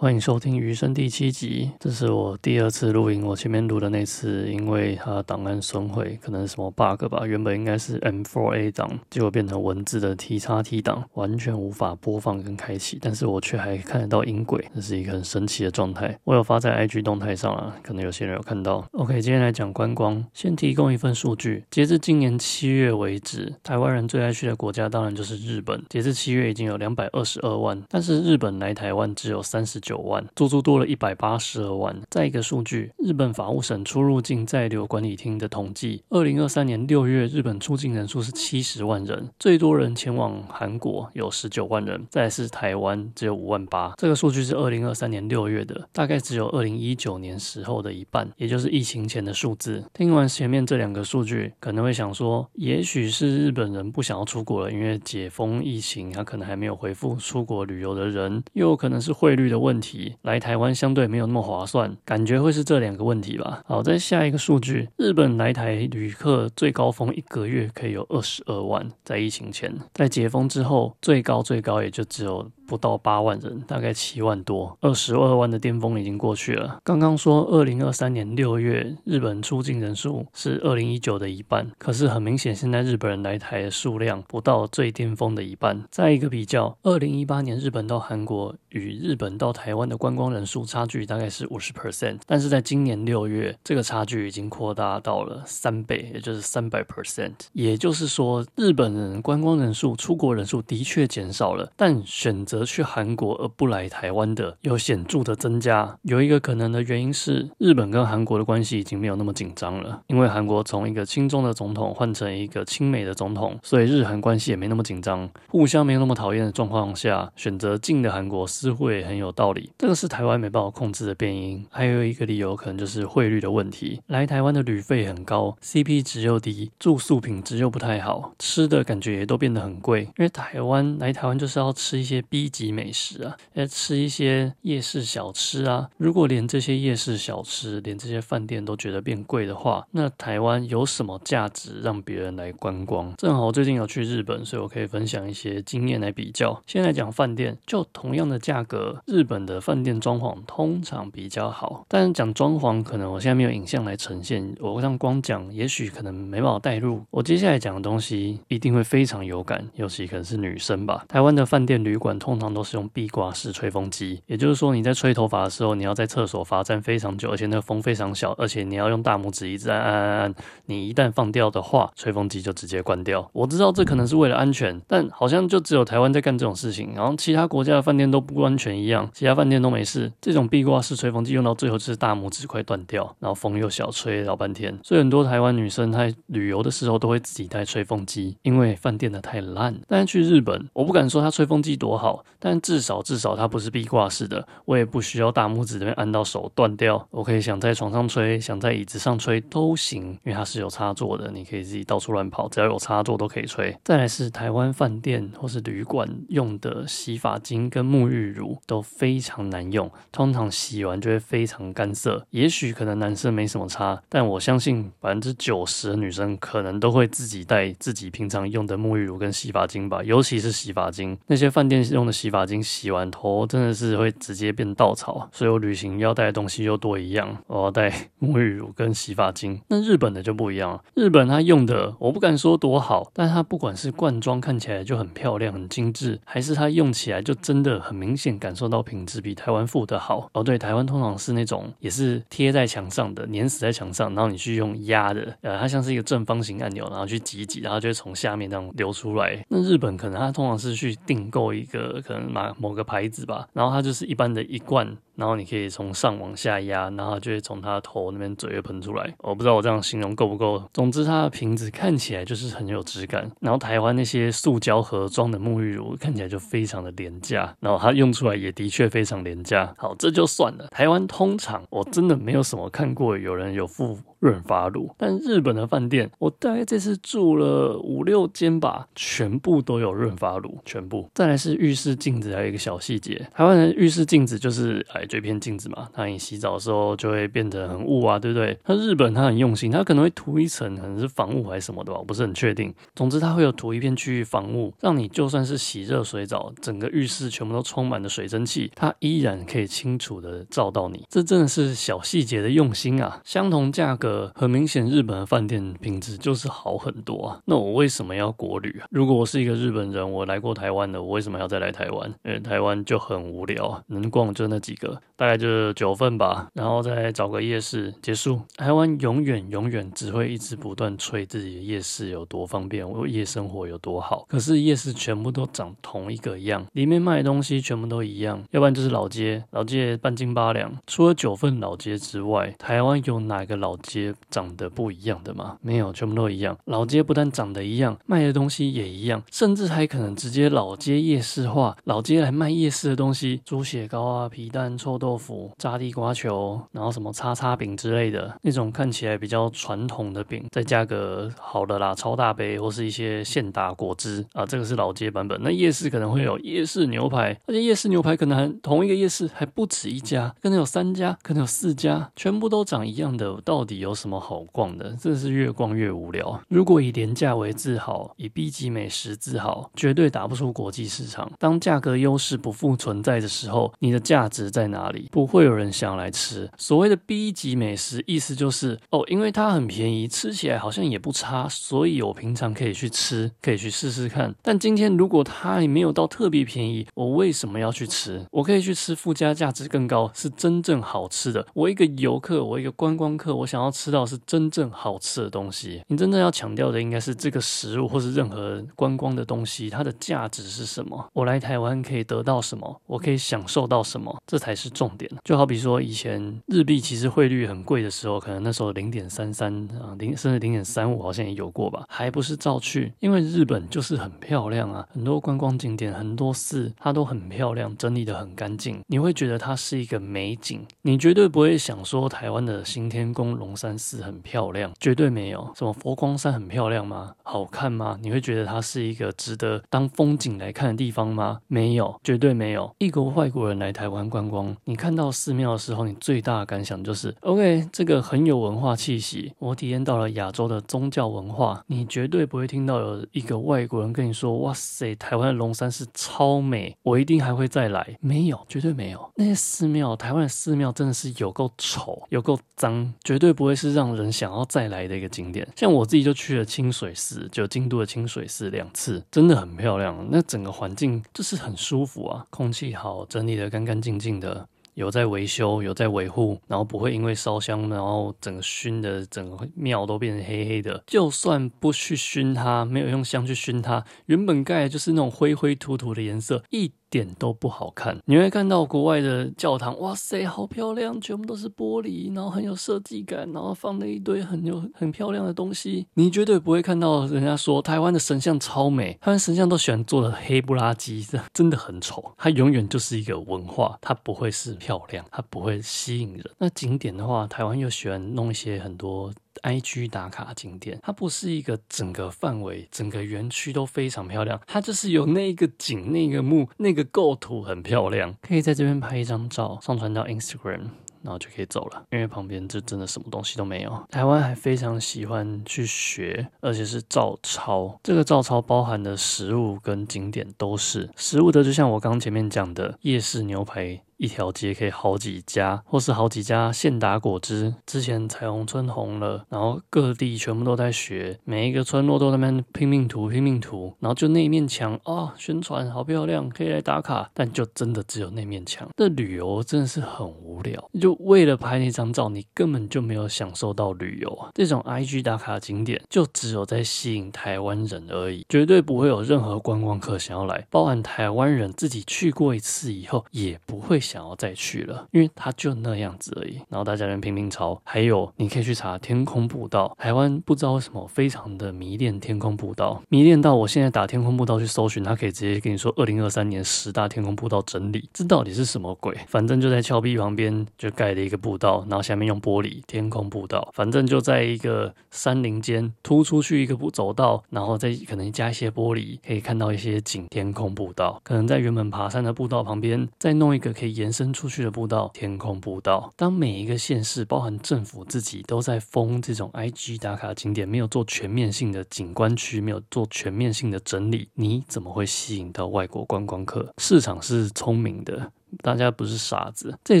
歡迎收聽《瑜聲》第七集，這是我第二次錄音。我前面錄的那次，因為它的檔案損毀，可能是什麼 bug 吧，原本應該是 M4A 檔，結果變成文字的 T x T 檔，完全無法播放跟開啟，但是我卻還看得到音軌，這是一個很神奇的狀態。我有發在 IG 動態上啦，可能有些人有看到。OK，今天來講觀光，先提供一份數據：截至今年七月為止，台灣人最愛去的國家當然就是日本，截至七月已經有兩百二十二萬，但是日本來台灣只有三十九萬，足足多了一百八十二萬。再一個數據，日本法務省出入境在留管理廳的統計，二零二三年六月，日本出境人數是七十萬人，最多人前往韓國有十九萬人，再是台灣只有五萬八。這個數據是二零二三年六月的，大概只有二零一九年時候的一半，也就是疫情前的數字。聽完前面這兩個數據，可能會想說，也許是日本人不想要出國了，因為解封疫情，他可能還沒有恢復出國旅遊的人，又有可能是匯率的問題。題來台灣相對沒有那麼划算，感覺會是這兩個問題吧。好，再下一個數據，日本來台旅客最高峰一個月可以有二十二萬，在疫情前，在解封之後，最高最高也就只有。不到八萬人，大概七萬多，二十二萬的巔峰已經過去了。剛剛說二零二三年六月，日本出境人數是二零一九的一半，可是很明顯，現在日本人來台的數量不到最巔峰的一半。再一個比較，二零一八年日本到韓國與日本到台灣的觀光人數差距大概是五十 percent，但是在今年六月，這個差距已經擴大到了三倍，也就是三百 percent。也就是說，日本人觀光人數、出國人數的確減少了，但選擇。去韓國而不來台灣的有顯著的增加，有一個可能的原因是日本跟韓國的關係已經沒有那麼緊張了，因為韓國從一個親中的總統換成一個親美的總統，所以日韓關係也沒那麼緊張，互相沒有那麼討厭的狀況下，選擇近的韓國似乎也很有道理。這個是台灣沒辦法控制的變因，還有一個理由可能就是匯率的問題，來台灣的旅費很高，CP 值又低，住宿品質又不太好，吃的感覺也都變得很貴，因為台灣，來台灣就是要吃一些 b 一級美食啊，來吃一些夜市小吃啊。如果連這些夜市小吃，連這些飯店都覺得變貴的話，那台灣有什麼價值讓別人來觀光？正好我最近有去日本，所以我可以分享一些經驗來比較。先來講飯店，就同樣的價格，日本的飯店裝潢通常比較好。但是講裝潢，可能我現在沒有影像來呈現，我讓光講，也許可能沒辦法帶入。我接下來講的東西一定會非常有感，尤其可能是女生吧。台灣的飯店旅館通。通常都是用壁掛式吹風機，也就是說你在吹頭髮的時候，你要在廁所罰站非常久，而且那個風非常小，而且你要用大拇指一直按按按按，你一旦放掉的話，吹風機就直接關掉。我知道這可能是為了安全，但好像就只有台灣在幹這種事情，然後其他國家的飯店都不安全一樣，其他飯店都沒事。這種壁掛式吹風機用到最後就是大拇指快斷掉，然後風又小吹老半天，所以很多台灣女生在旅遊的時候都會自己帶吹風機，因為飯店的太爛。但是去日本，我不敢說它吹風機多好。但至少至少它不是壁掛式的，我也不需要大拇指這邊按到手斷掉。我可以想在床上吹，想在椅子上吹都行，因為它是有插座的，你可以自己到處亂跑，只要有插座都可以吹。再來是台灣飯店或是旅館用的洗髮精跟沐浴乳都非常難用，通常洗完就會非常乾澀。也許可能男生沒什麼差，但我相信百分之九十的女生可能都會自己帶自己平常用的沐浴乳跟洗髮精吧，尤其是洗髮精，那些飯店用的洗髮精。洗髮精洗完頭真的是會直接變稻草，所以我旅行要帶的東西又多一樣。我要帶沐浴乳跟洗髮精。那日本的就不一樣了，日本它用的我不敢說多好，但它不管是罐裝看起來就很漂亮、很精緻，還是它用起來就真的很明顯感受到品質比台灣附的好。哦，對，台灣通常是那種也是貼在牆上的，粘死在牆上，然後你去用壓的，呃，它像是一個正方形按鈕，然後去擠一擠，然後就會從下面這樣流出來。那日本可能它通常是去訂購一個。可能拿某個牌子吧，然後它就是一般的一罐，然後你可以從上往下壓，然後就會從它的頭那邊嘴會噴出來。我、哦、不知道我這樣形容夠不夠。總之，它的瓶子看起來就是很有質感，然後台灣那些塑膠盒裝的沐浴乳看起來就非常的廉價，然後它用出來也的確非常廉價。好，這就算了。台灣通常我真的沒有什麼看過有人有附，潤髮乳，但日本的飯店，我大概這次住了五六間吧，全部都有潤髮乳，全部。再來是浴室鏡子，還有一個小細節，台灣的浴室鏡子就是，哎，這片鏡子嘛，那你洗澡的時候就會變得很霧啊，對不對？那日本它很用心，它可能會塗一層，可能是防霧還是什麼的吧，我不是很確定。總之，它會有塗一片區域防霧，讓你就算是洗熱水澡，整個浴室全部都充滿了水蒸氣，它依然可以清楚的照到你。這真的是小細節的用心啊！相同價格。呃，很明顯，日本的飯店品質就是好很多啊。那我為什麼要國旅？如果我是一個日本人，我來過台灣的，我為什麼要再來台灣？因、欸、為台灣就很無聊，能逛就那幾個，大概就九份吧，然後再找個夜市結束。台灣永遠永遠只會一直不斷吹自己的夜市有多方便，我夜生活有多好。可是夜市全部都長同一個樣，裡面賣的東西全部都一樣，要不然就是老街，老街半斤八兩。除了九份老街之外，台灣有哪個老街？長得不一樣的嗎？沒有，全部都一樣。老街不但長得一樣，賣的東西也一樣，甚至還可能直接老街夜市化，老街來賣夜市的東西，豬血糕啊、皮蛋臭豆腐、炸地瓜球，然後什麼叉叉餅之類的那種看起來比較傳統的餅，再加個好的啦，超大杯或是一些現打果汁啊，這個是老街版本。那夜市可能會有夜市牛排，而且夜市牛排可能還同一個夜市還不止一家，可能有三家，可能有四家，全部都長一樣的，到底哦。有什麼好逛的？真是越逛越無聊。如果以廉價為自豪，以 B 級美食自豪，絕對打不出國際市場。當價格優勢不復存在的時候，你的價值在哪裡？不會有人想來吃。所謂的 B 級美食，意思就是哦，因為它很便宜，吃起來好像也不差，所以我平常可以去吃，可以去試試看。但今天如果它還沒有到特別便宜，我為什麼要去吃？我可以去吃附加價值更高、是真正好吃的。我一個遊客，我一個觀光客，我想要。吃到是真正好吃的東西，你真正要強調的應該是這個食物或是任何觀光的東西，它的價值是什麼？我來台灣可以得到什麼？我可以享受到什麼？這才是重點。就好比說以前日幣其實匯率很貴的時候，可能那時候零點三三啊，零甚至零點三五好像也有過吧，還不是照去，因為日本就是很漂亮啊，很多觀光景點、很多寺它都很漂亮，整理得很乾淨，你會覺得它是一個美景，你絕對不會想說台灣的新天宮龍山。山寺很漂亮，絕對沒有。什麼佛光山很漂亮嗎？好看嗎？你會覺得它是一個值得當風景來看的地方嗎？沒有，絕對沒有。一個外國人來台灣觀光，你看到寺廟的時候，你最大的感想就是：OK，這個很有文化氣息，我體驗到了亞洲的宗教文化。你絕對不會聽到有一個外國人跟你說：“哇塞，台灣的龍山寺超美，我一定還會再來。”沒有，絕對沒有。那些寺廟，台灣的寺廟真的是有夠醜，有夠髒，絕對不會。是讓人想要再來的一個景點，像我自己就去了清水寺，就京都的清水寺兩次，真的很漂亮。那整個環境就是很舒服啊，空氣好，整理得乾乾淨淨的，有在維修，有在維護，然後不會因為燒香，然後整個燻的整個廟都變成黑黑的。就算不去燻它，沒有用香去燻它，原本蓋就是那種灰灰土土的顏色，一。點都不好看。你會看到國外的教堂，哇塞，好漂亮，全部都是玻璃，然後很有設計感，然後放了一堆很有很漂亮的東西。你絕對不會看到人家說台灣的神像超美，台灣神像都喜歡做的黑不拉幾，真的真的很醜。它永遠就是一個文化，它不會是漂亮，它不會吸引人。那景點的話，台灣又喜歡弄一些很多 IG 打卡景點，它不是一個整個範圍，整個園區都非常漂亮。它就是有那個景、那個木、那個構圖很漂亮，可以在這邊拍一張照，上傳到 Instagram，然後就可以走了。因為旁邊就真的什麼東西都沒有。台灣還非常喜歡去學，而且是照抄。這個照抄包含的食物跟景點都是食物的，就像我剛剛前面講的夜市牛排。一條街可以好幾家，或是好幾家現打果汁。之前彩虹村紅了，然後各地全部都在學，每一個村落都在那拼命塗、拼命塗，然後就那一面牆啊，宣傳好漂亮，可以來打卡。但就真的只有那面牆，這旅遊真的是很無聊。就為了拍那張照，你根本就沒有享受到旅遊啊。這種 IG 打卡的景點，就只有在吸引台灣人而已，絕對不會有任何觀光客想要來。包含台灣人自己去過一次以後，也不會。想要再去了，因為它就那樣子而已。然後大家就拼命抄，還有你可以去查天空步道。台灣不知道為什麼非常的迷戀天空步道，迷戀到我現在打天空步道去搜尋，他可以直接跟你說二零二三年十大天空步道整理。這到底是什麼鬼？反正就在峭壁旁邊就蓋了一個步道，然後下面用玻璃，天空步道。反正就在一個山林間突出去一個步走道，然後再可能加一些玻璃，可以看到一些景。天空步道可能在原本爬山的步道旁邊再弄一個可以。延伸出去的步道，天空步道。當每一個縣市，包含政府自己，都在封這種 IG 打卡景點，沒有做全面性的景觀區，沒有做全面性的整理，你怎麼會吸引到外國觀光客？市場是聰明的。大家不是傻子，這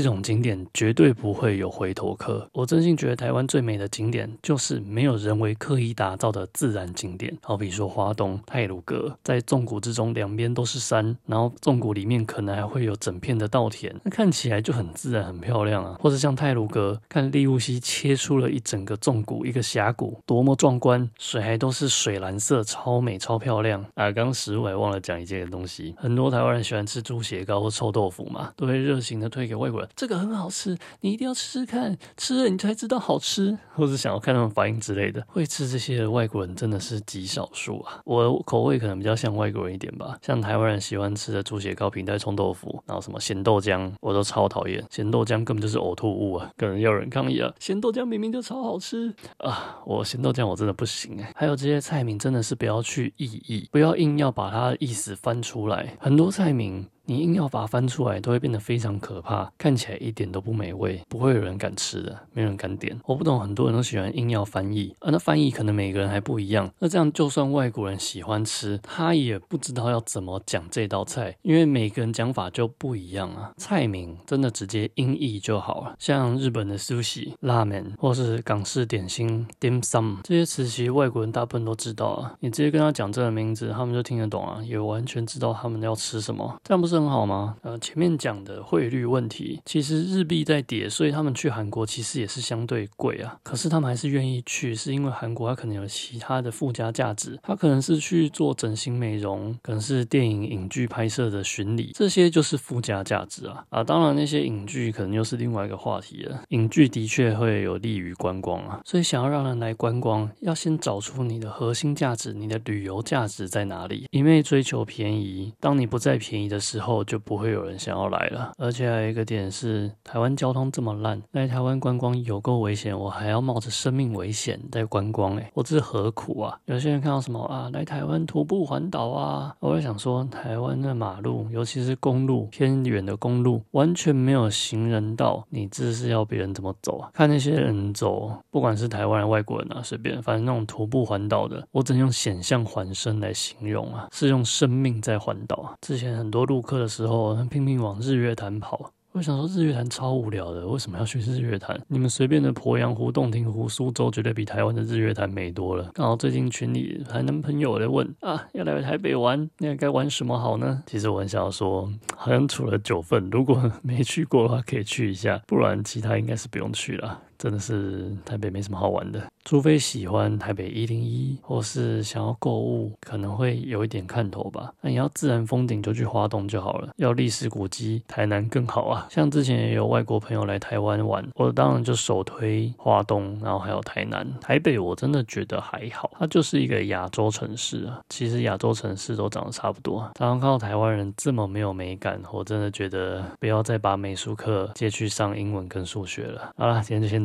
種景點絕對不會有回頭客。我真心覺得台灣最美的景點就是沒有人為刻意打造的自然景點，好比說花東太魯閣，在縱谷之中兩邊都是山，然後縱谷裡面可能還會有整片的稻田，那看起來就很自然很漂亮啊。或者像太魯閣，看立霧溪切出了一整個縱谷，一個峽谷，多麼壯觀，水還都是水藍色，超美超漂亮。啊，剛時我還忘了講一件東西，很多台灣人喜歡吃豬血糕或臭豆腐嘛。都會熱情的推給外國人，這個很好吃，你一定要吃吃看，吃了你才知道好吃。或是想要看他們反應之類的，會吃這些的外國人真的是極少數啊。我口味可能比較像外國人一點吧，像台灣人喜歡吃的豬血糕、皮蛋臭豆腐，然後什麼鹹豆漿，我都超討厭。鹹豆漿根本就是嘔吐物啊，可能有人抗議啊。鹹豆漿明明就超好吃啊，我鹹豆漿我真的不行哎、欸。還有這些菜名真的是不要去意譯，不要硬要把它的意思翻出來，很多菜名。你硬要把它翻出來，都會變得非常可怕，看起來一點都不美味，不會有人敢吃的，沒人敢點。我不懂，很多人都喜歡硬要翻譯，而那翻譯可能每個人還不一樣。那這樣就算外國人喜歡吃，他也不知道要怎麼講這道菜，因為每個人講法就不一樣啊。菜名真的直接音譯就好了，像日本的 sushi、拉麵，或是港式點心 dim sum，這些詞其實外國人大部分都知道啊。你直接跟他講這個名字，他們就聽得懂啊，也完全知道他們要吃什麼。這樣不是？很好嗎？呃，前面講的匯率問題，其實日幣在跌，所以他們去韓國其實也是相對貴啊。可是他們還是願意去，是因為韓國它可能有其他的附加價值，它可能是去做整形美容，可能是電影影劇拍攝的巡禮，這些就是附加價值啊啊！當然那些影劇可能又是另外一個話題了。影劇的確會有利於觀光啊，所以想要讓人來觀光，要先找出你的核心價值，你的旅遊價值在哪裡？一味追求便宜，當你不再便宜的時候。後就不會有人想要來了。而且還有一個點是，台灣交通這麼爛，來台灣觀光有夠危險，我還要冒着生命危險在觀光，哎，我這是何苦啊？有些人看到什麼啊，來台灣徒步環島啊，我就想說，台灣的馬路，尤其是公路，偏遠的公路完全沒有行人道，你這是要別人怎麼走啊？看那些人走，不管是台灣人、外國人啊，隨便，反正那種徒步環島的，我只能用險象環生來形容啊，是用生命在環島啊。之前很多陸客，的時候，他拼命往日月潭跑。我想說，日月潭超無聊的，為什麼要去日月潭？你們隨便的鄱陽湖、洞庭湖、蘇州，絕對比台灣的日月潭美多了。剛好最近群裡還能朋友來問啊，要來台北玩，那該玩什麼好呢？其實我很想說，好像除了九份，如果沒去過的話，可以去一下，不然其他應該是不用去了。真的是台北沒什麼好玩的，除非喜歡台北一零一，或是想要購物，可能會有一點看頭吧。那你要自然風景就去花東就好了，要歷史古蹟台南更好啊。像之前也有外國朋友來台灣玩，我當然就首推花東，然後還有台南。台北我真的覺得還好，它就是一個亞洲城市啊。其實亞洲城市都長得差不多。早上看到台灣人這麼沒有美感，我真的覺得不要再把美術課借去上英文跟數學了。好啦，今天就先。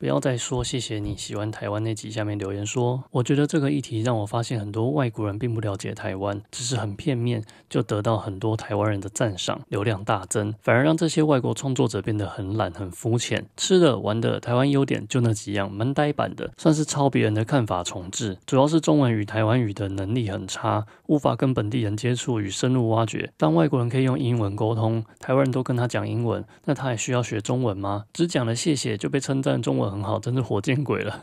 不要再說謝謝你喜歡台灣那集，下面留言說：“我覺得這個議題讓我發現很多外國人並不了解台灣，只是很片面，就得到很多台灣人的讚賞，流量大增，反而讓這些外國創作者變得很懶很膚淺。吃的玩的，台灣優點就那幾樣，蠻呆板的，算是抄別人的看法重製。主要是中文與台灣語的能力很差，無法跟本地人接觸與深入挖掘。當外國人可以用英文溝通，台灣人都跟他講英文，那他還需要學中文嗎？只講了謝謝就被稱讚中文。”很好，真是活見鬼了！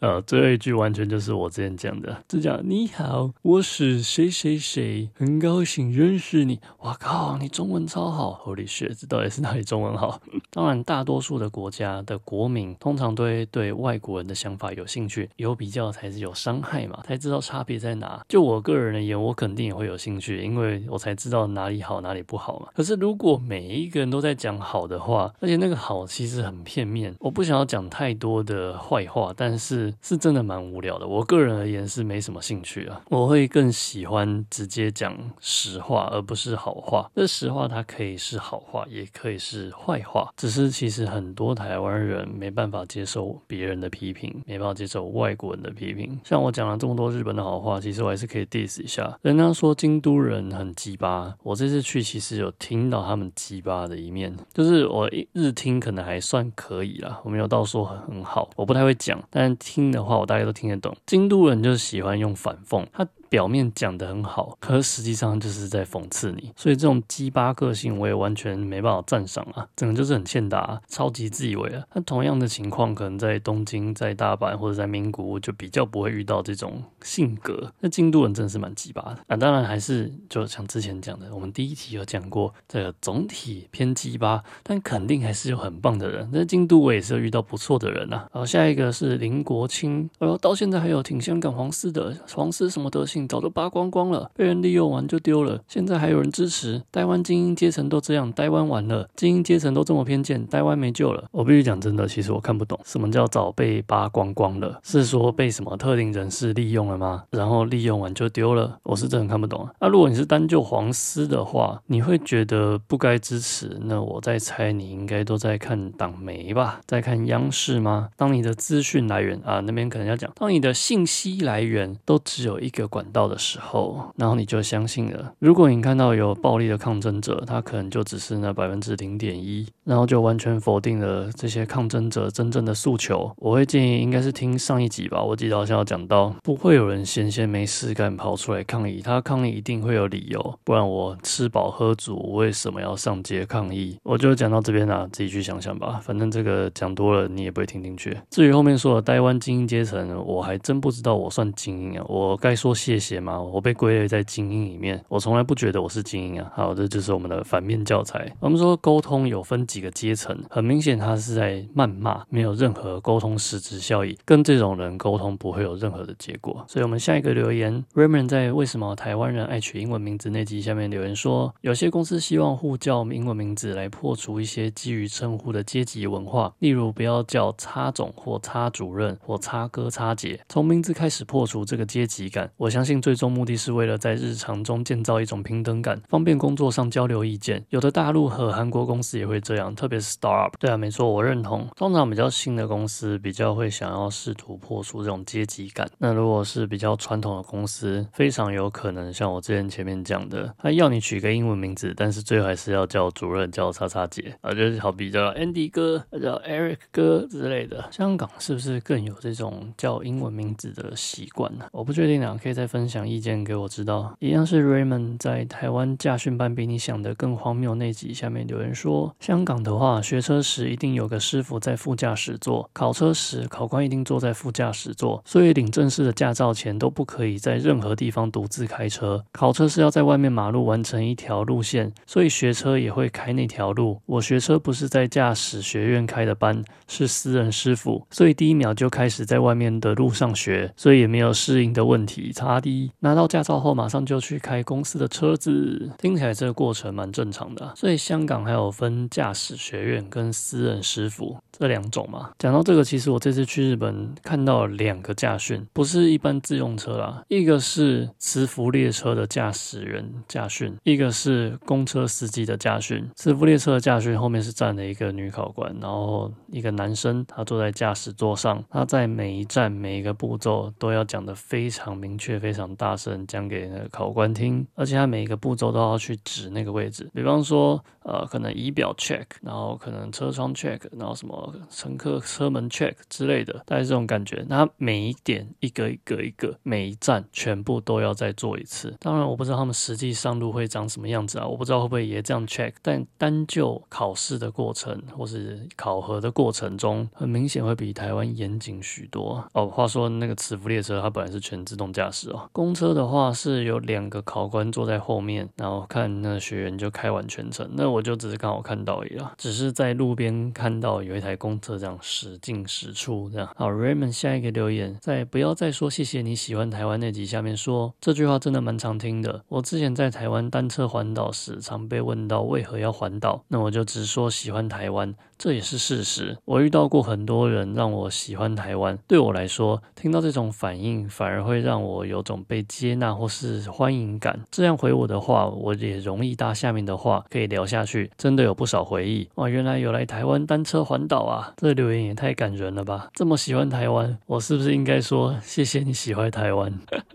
呃，最後一句完全就是我之前講的，這叫你好，我是誰誰誰，很高興認識你。哇靠，你中文超好！Holy shit，這到底是哪裡中文好？ 當然，大多數的國家的國民通常對對外國人的想法有興趣，有比較才是有傷害嘛，才知道差別在哪。就我個人而言，我肯定也會有興趣，因為我才知道哪裡好，哪裡不好嘛。可是如果每一個人都在講好的話，而且那個好其實很片面，我不想要講他。太多的壞話，但是是真的蠻無聊的。我個人而言是沒什麼興趣啊，我會更喜歡直接講實話，而不是好話。這實話它可以是好話，也可以是壞話。只是其實很多台灣人沒辦法接受別人的批評，沒辦法接受外國人的批評。像我講了這麼多日本的好話，其實我還是可以 diss 一下。人家說京都人很雞巴，我這次去其實有聽到他們雞巴的一面，就是我一日聽可能還算可以啦，我沒有到說。很好，我不太會講，但是聽的話，我大概都聽得懂。京都人就是喜歡用反諷，他。表面講的很好，可實際上就是在諷刺你，所以這種雞巴個性我也完全沒辦法讚賞啊，整個就是很欠打啊，超級自以為啊。那同樣的情況，可能在東京、在大阪或者在名古屋就比較不會遇到這種性格。那京都人真的是蠻雞巴的啊，當然還是就像之前講的，我們第一題有講過，這個總體偏雞巴，但肯定還是有很棒的人。那京都我也是有遇到不錯的人啊。好，下一個是林國清，哦，到現在還有挺香港皇室的，皇室什麼德性？早都扒光光了，被人利用完就丟了。現在還有人支持？台灣精英階層都這樣，台灣完了。精英階層都這麼偏見，台灣沒救了。我必須講真的，其實我看不懂什麼叫早被扒光光了，是說被什麼特定人士利用了嗎？然後利用完就丟了，我是真的看不懂啊。那，啊，如果你是單就黃絲的話，你會覺得不該支持？那我在猜，你應該都在看黨媒吧，在看央視嗎？當你的資訊來源啊，那邊可能要講，當你的信息來源都只有一個管道。到的時候，然後你就相信了。如果你看到有暴力的抗爭者，他可能就只是那百分之零點一，然後就完全否定了這些抗爭者真正的訴求。我會建議，應該是聽上一集吧。我記得好像要講到，不會有人閒閒沒事幹跑出來抗議，他抗議一定會有理由，不然我吃飽喝足，為什麼要上街抗議？我就講到這邊啦，啊，自己去想想吧。反正這個講多了，你也不會聽進去。至於後面說的台灣精英階層，我還真不知道我算精英啊，我該說謝謝。這些嗎？我被歸類在精英裡面，我從來不覺得我是精英啊。好，這就是我們的反面教材。我們說溝通有分幾個階層，很明顯他是在謾罵，沒有任何溝通實質效益，跟這種人溝通不會有任何的結果。所以，我們下一個留言，Raymond 在為什麼台灣人愛取英文名字那集下面留言說，有些公司希望互叫英文名字來破除一些基於稱呼的階級文化，例如不要叫差總或差主任或差哥差姐，從名字開始破除這個階級感。我相信。最終目的是為了在日常中建造一種平等感，方便工作上交流意見。有的大陸和韓國公司也會這樣，特別是 startup。對啊，沒錯，我認同。通常比較新的公司比較會想要試圖破除這種階級感。那如果是比較傳統的公司，非常有可能像我之前前面講的，他要你取個英文名字，但是最後還是要叫主任叫叉叉姐，啊，就是好比叫 Andy 哥、叫 Eric 哥之類的。香港是不是更有這種叫英文名字的習慣呢？我不確定啊，可以再分。分享意見給我知道，一樣是 Raymond 在台灣駕訓班比你想的更荒謬那集下面留言說，香港的話學車時一定有個師傅在副駕駛座，考車時考官一定坐在副駕駛座，所以領正式的駕照前都不可以在任何地方獨自開車。考車是要在外面馬路完成一條路線，所以學車也會開那條路。我學車不是在駕駛學院開的班，是私人師傅，所以第一秒就開始在外面的路上學，所以也沒有適應的問題。差點拿到駕照後，馬上就去開公司的車子，聽起來這個過程蠻正常的。所以香港還有分駕駛學院跟私人師傅這兩種嘛。講到這個，其實我這次去日本看到兩個駕訓，不是一般自用車啦，一個是磁浮列車的駕駛員駕訓，一個是公車司機的駕訓。磁浮列車的駕訓後面是站了一個女考官，然後一個男生他坐在駕駛座上，他在每一站每一個步驟都要講得非常明確，非。非常大聲講給那個考官聽，而且他每一個步驟都要去指那個位置，比方說，呃，可能儀表 check，然後可能車窗 check，然後什麼乘客車門 check 之類的，大概是這種感覺。那每一點一個一個一個，每一站全部都要再做一次。當然，我不知道他們實際上路會長什麼樣子啊，我不知道會不會也這樣 check，但單就考試的過程或是考核的過程中，很明顯會比台灣嚴謹許多。哦，話說那個磁浮列車，它本來是全自動駕駛哦。公車的話是有兩個考官坐在後面，然後看那學員就開完全程。那我就只是剛好看到而已啦，只是在路邊看到有一台公車這樣駛進駛出這樣。好，Raymond 下一個留言在不要再說謝謝你喜歡台灣那集下面說，這句話真的蠻常聽的。我之前在台灣單車環島時，常被問到為何要環島，那我就直說喜歡台灣，這也是事實。我遇到過很多人讓我喜歡台灣，對我來說，聽到這種反應反而會讓我有。種被接納或是歡迎感，這樣回我的話，我也容易搭下面的話，可以聊下去。真的有不少回憶哇，原來有來台灣單車環島啊，這留言也太感人了吧！這麼喜歡台灣，我是不是應該說謝謝你喜歡台灣？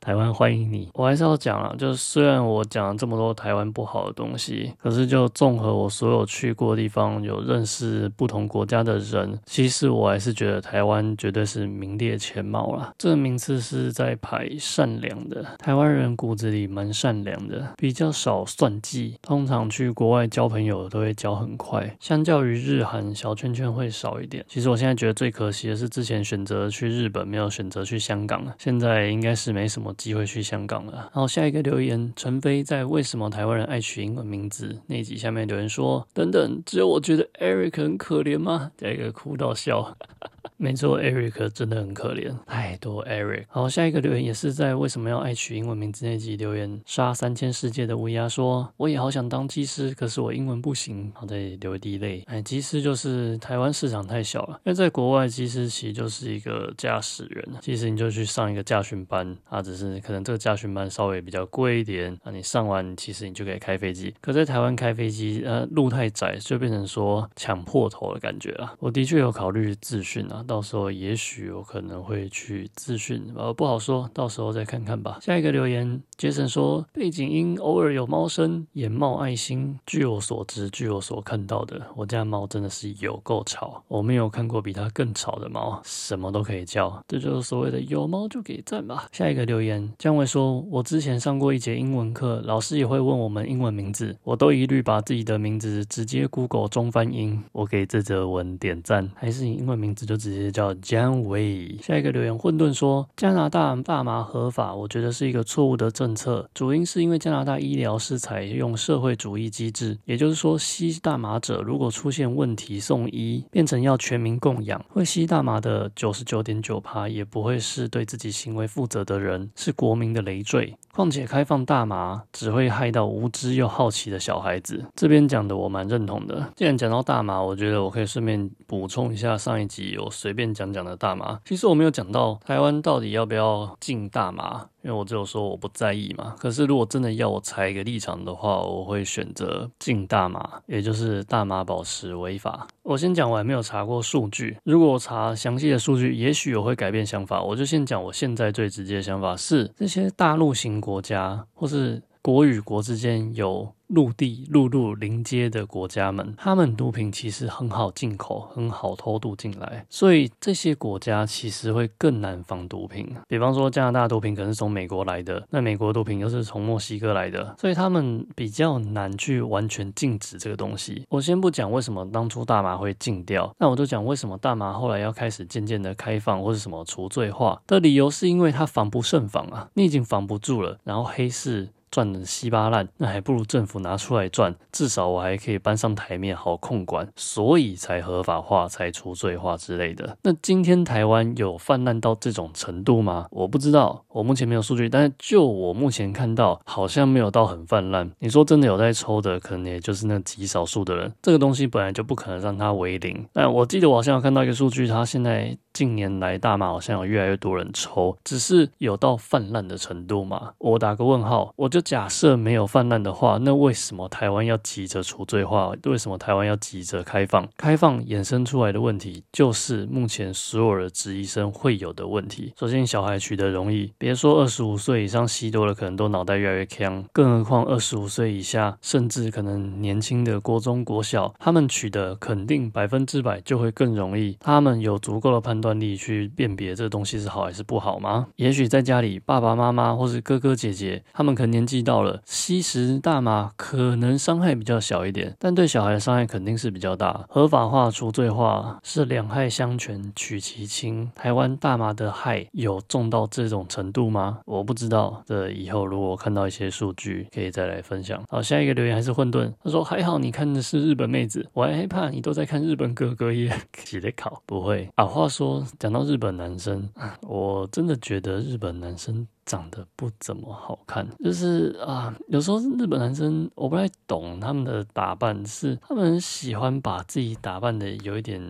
台灣歡迎你，我還是要講啊，就是雖然我講了這麼多台灣不好的東西，可是就綜合我所有去過的地方，有認識不同國家的人，其實我還是覺得台灣絕對是名列前茅了。這個名次是在排善良的，台灣人骨子裡蠻善良的，比較少算計，通常去國外交朋友都會交很快，相較於日韓小圈圈會少一點。其實我現在覺得最可惜的是之前選擇去日本沒有選擇去香港，現在應該是沒。什麼機會去香港了啊？然後下一個留言，陳飛在為什麼台灣人愛取英文名字那集下面留言說：等等，只有我覺得 Eric 很可憐嗎？再一個哭到笑。 沒錯，Eric 真的很可憐，太多 Eric。好，下一個留言也是在為什麼要愛取英文名字那集留言，殺三千世界的烏鴉說：“我也好想當機師，可是我英文不行。”好，再流一滴淚。哎，機師就是台灣市場太小了，因為在國外機師其實就是一個駕駛員，其實你就去上一個駕訓班，啊，只是可能這個駕訓班稍微比較貴一點，啊，你上完其實你就可以開飛機。可在台灣開飛機，呃，路太窄，就變成說搶破頭的感覺了。我的確有考慮自訓啊。到時候也許我可能會去諮詢，呃，不好說，到時候再看看吧。下一個留言。傑森說：“背景音偶爾有貓聲，眼冒愛心。據我所知，據我所看到的，我家貓真的是有夠吵。我沒有看過比它更吵的貓，什麼都可以叫，這就，就是所謂的有貓就給讚吧。”下一個留言，姜維說：“我之前上過一節英文課，老師也會問我們英文名字，我都一律把自己的名字直接 Google 中翻英。我給這則文點讚，還是你英文名字就直接叫姜維。”下一個留言，混沌說：“加拿大大麻合法，我覺得是一個錯誤的政策。”主因是因為加拿大醫療是採用社會主義機制，也就是說，吸大麻者如果出現問題送醫，變成要全民供養。會吸大麻的九十九點九趴也不會是對自己行為負責的人，是國民的累贅。況且開放大麻只會害到無知又好奇的小孩子。這邊講的我蠻認同的。既然講到大麻，我覺得我可以順便補充一下上一集我隨便講講的大麻。其實我沒有講到台灣到底要不要禁大麻，因為我只有說我不在意嘛。可是如果真的要我踩一個立場的話，我會選擇禁大麻，也就是大麻保持違法。我先講我還沒有查過數據，如果我查詳細的數據，也許我會改變想法。我就先講我現在最直接的想法是，這些大陸型國家，或是。國與國之間有陸地陸路連接的國家們，他們毒品其實很好進口，很好偷渡進來，所以這些國家其實會更難防毒品。比方說加拿大毒品可能是從美國來的，那美國毒品又是從墨西哥來的，所以他們比較難去完全禁止這個東西。我先不講為什麼當初大麻會禁掉，那我就講為什麼大麻後來要開始漸漸的開放或是什麼除罪化。的理由是因為它防不勝防啊，你已經防不住了，然後黑市。賺的稀巴爛，那還不如政府拿出來賺，至少我還可以搬上台面，好控管，所以才合法化，才除罪化之類的。那今天台灣有泛濫到這種程度嗎？我不知道，我目前沒有數據，但是就我目前看到，好像沒有到很泛濫。你說真的有在抽的，可能也就是那極少數的人，這個東西本來就不可能讓它為零。那我記得我好像有看到一個數據，它現在近年來大麻好像有越來越多人抽，只是有到泛濫的程度嗎？我打個問號，我就。假設沒有泛濫的話，那為什麼台灣要急着除罪化？為什麼台灣要急着開放？開放衍生出來的問題，就是目前所有的職醫生會有的問題。首先，小孩取得容易，別說二十五歲以上吸多了，可能都腦袋越來越僵，更何況二十五歲以下，甚至可能年輕的國中、國小，他們取得肯定百分之百就會更容易。他們有足夠的判斷力去辨別這東西是好還是不好嗎？也許在家裡，爸爸媽媽或是哥哥姐姐，他們可能年。記到了吸食大麻可能傷害比較小一點，但對小孩的傷害肯定是比較大。合法化、除罪化是兩害相權取其輕，台灣大麻的害有重到這種程度嗎？我不知道的。這以後如果看到一些數據，可以再來分享。好，下一個留言還是混沌，他說，還好你看的是日本妹子，我還害怕你都在看日本哥哥耶，幾得考不會啊？話說講到日本男生，我真的覺得日本男生長得不怎麼好看，就是啊，有時候日本男生我不太懂他們的打扮，是他們喜歡把自己打扮的有一點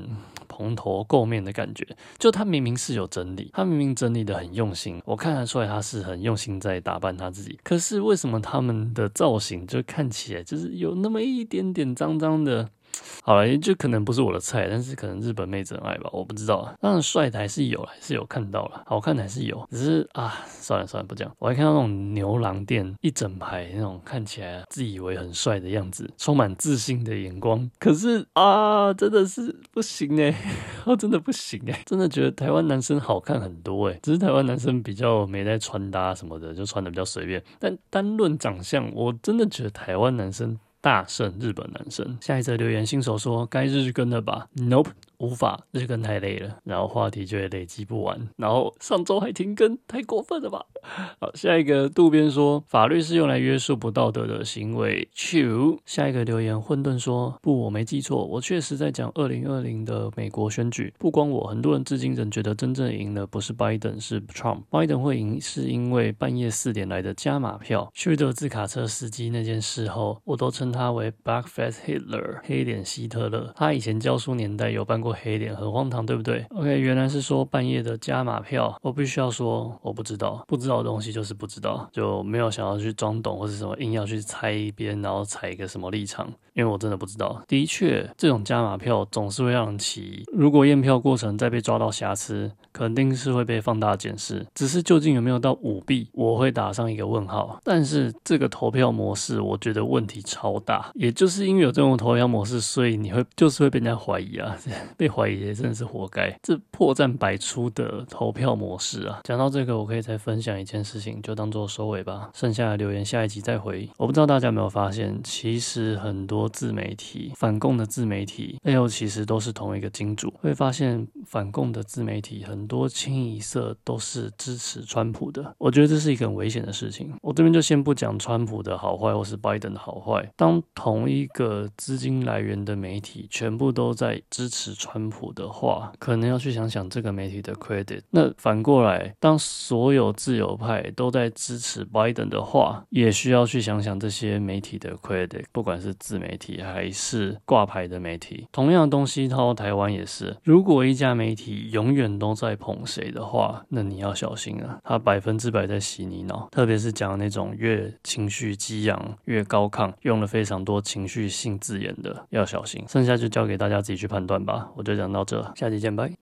蓬頭垢面的感覺。就他明明是有整理，他明明整理的很用心，我看得出來他是很用心在打扮他自己。可是為什麼他們的造型就看起來就是有那麼一點點髒髒的？好了，就可能不是我的菜，但是可能日本妹子真愛吧，我不知道。當然帥的還是有，還是有看到了，好看的還是有，只是啊，算了算了，不講。我還看到那種牛郎店一整排那種看起來自以為很帥的樣子，充滿自信的眼光，可是啊，真的是不行誒，真的不行誒，真的覺得台灣男生好看很多誒。只是台灣男生比較沒在穿搭什麼的，就穿得比較隨便。但單論長相，我真的覺得台灣男生。大勝日本男生，下一則留言，新手說，該日日更了吧？Nope。無法日更，太累了，然後話題就也累積不完，然後上周還停更，太過分了吧？好，下一個渡邊說，法律是用來約束不道德的行為。求，下一個留言混沌說，不，我沒記錯，我確實在講二零二零的美國選舉。不光我，很多人至今仍覺得真正贏的不是 Biden，是 Trump。Biden 會贏是因為半夜四點來的加碼票，去的自卡車司機那件事後，我都稱他為 Blackface Hitler 黑臉希特勒。他以前教書年代有辦過。黑點很荒唐，對不對？OK，原來是說半夜的加碼票。我必須要說，我不知道，不知道的東西就是不知道，就沒有想要去裝懂或是什麼，硬要去猜一邊，然後踩一個什麼立場，因為我真的不知道。的確，這種加碼票總是會讓人起疑，如果驗票過程再被抓到瑕疵，肯定是會被放大檢視。只是究竟有沒有到舞弊，我會打上一個問號。但是這個投票模式，我覺得問題超大。也就是因為有這種投票模式，所以你會就是會被人家懷疑啊。被懷疑也真的是活該，這破綻百出的投票模式啊！講到這個，我可以再分享一件事情，就當做收尾吧。剩下的留言下一集再回。我不知道大家有沒有發現，其實很多自媒體反共的自媒體背後其實都是同一個金主。會發現反共的自媒體很多清一色都是支持川普的。我覺得這是一個很危險的事情。我這邊就先不講川普的好壞或是拜登的好壞。當同一個資金來源的媒體全部都在支持，川普的話，可能要去想想這個媒體的 credit。那反過來，當所有自由派都在支持 Biden 的話，也需要去想想這些媒體的 credit，不管是自媒體還是掛牌的媒體。同樣東西套台灣也是，如果一家媒體永遠都在捧誰的話，那你要小心啊，他百分之百在洗你腦。特別是講那種越情緒激昂、越高亢，用了非常多情緒性字眼的，要小心。剩下就交給大家自己去判斷吧。我就講到這兒，下期見，拜。